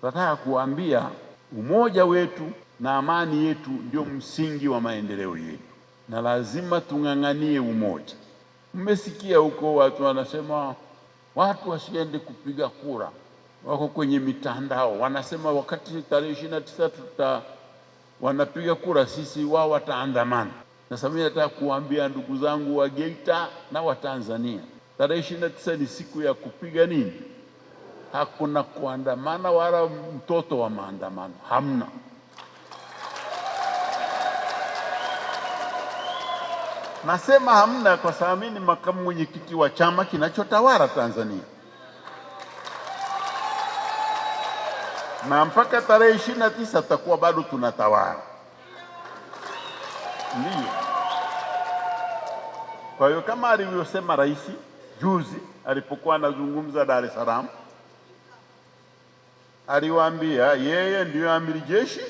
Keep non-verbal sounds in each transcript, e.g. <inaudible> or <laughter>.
Tunataka kuambia umoja wetu na amani yetu ndio msingi wa maendeleo yetu, na lazima tung'ang'anie umoja. Mmesikia huko watu wanasema watu wasiende kupiga kura, wako kwenye mitandao wanasema wakati tarehe ishirini na tisa tuta wanapiga kura sisi, wao wataandamana. Sasa mimi nataka kuambia ndugu zangu wa Geita na wa Tanzania, tarehe ishirini na tisa ni siku ya kupiga nini? hakuna kuandamana wala mtoto wa maandamano, hamna. Nasema hamna kwa sababu mimi ni makamu mwenyekiti wa chama kinachotawala Tanzania, na mpaka tarehe ishirini na tisa tutakuwa bado tunatawala, ndio Kwa hiyo kama alivyosema rais juzi alipokuwa anazungumza Dar es Salaam aliwaambia yeye ndiyo amiri jeshi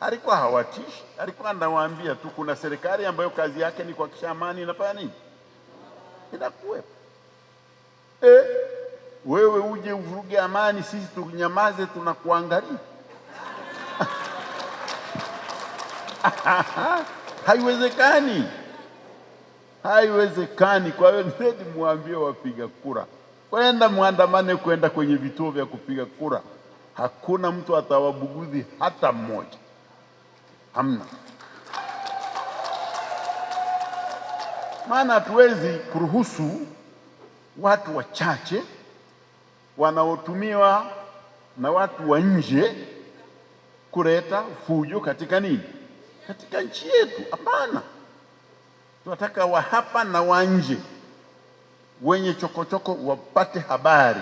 Alikuwa hawatishi, alikuwa anawaambia tu kuna serikali ambayo kazi yake ni kuhakikisha amani inafanya nini, inakuwepo. E, wewe uje uvuruge amani, sisi tunyamaze, tunakuangalia <laughs> haiwezekani, haiwezekani. Kwa hiyo ndio nimwambie wapiga kura kwenda mwandamane, kwenda kwenye vituo vya kupiga kura, hakuna mtu atawabugudhi hata mmoja, hamna. Maana hatuwezi kuruhusu watu wachache wanaotumiwa na watu wa nje kuleta fujo katika nini, katika nchi yetu. Hapana, tunataka wa hapa na wa nje wenye chokochoko choko wapate habari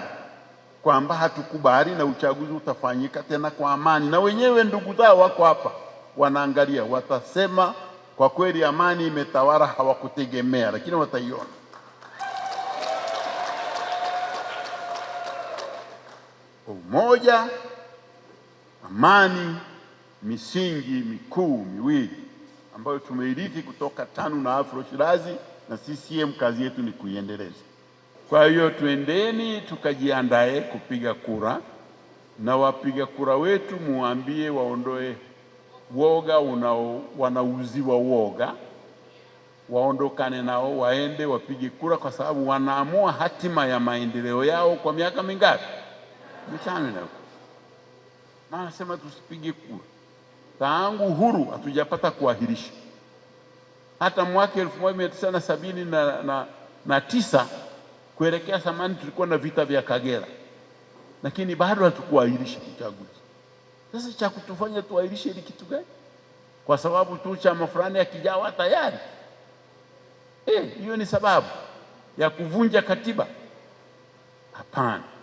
kwamba hatukubali na uchaguzi utafanyika tena kwa amani, na wenyewe ndugu zao wako hapa wanaangalia, watasema kwa kweli amani imetawala, hawakutegemea, lakini wataiona. Umoja, amani, misingi mikuu miwili ambayo tumeirithi kutoka TANU na Afro Shirazi na CCM kazi yetu ni kuiendeleza. Kwa hiyo twendeni tukajiandae kupiga kura, na wapiga kura wetu muambie waondoe woga unao wanauziwa woga, waondokane nao, waende wapige kura, kwa sababu wanaamua hatima ya maendeleo yao kwa miaka mingapi? Mitano inayo na anasema tusipige kura tangu huru, hatujapata kuahirisha hata mwaka elfu moja mia tisa na sabini na, na, na tisa kuelekea thamani tulikuwa na vita vya Kagera, lakini bado hatukuahirisha uchaguzi. Sasa cha kutufanya tuahirishe ni kitu gani? Kwa sababu tu chama fulani akijawa tayari eh, hiyo, eh, ni sababu ya kuvunja katiba? Hapana.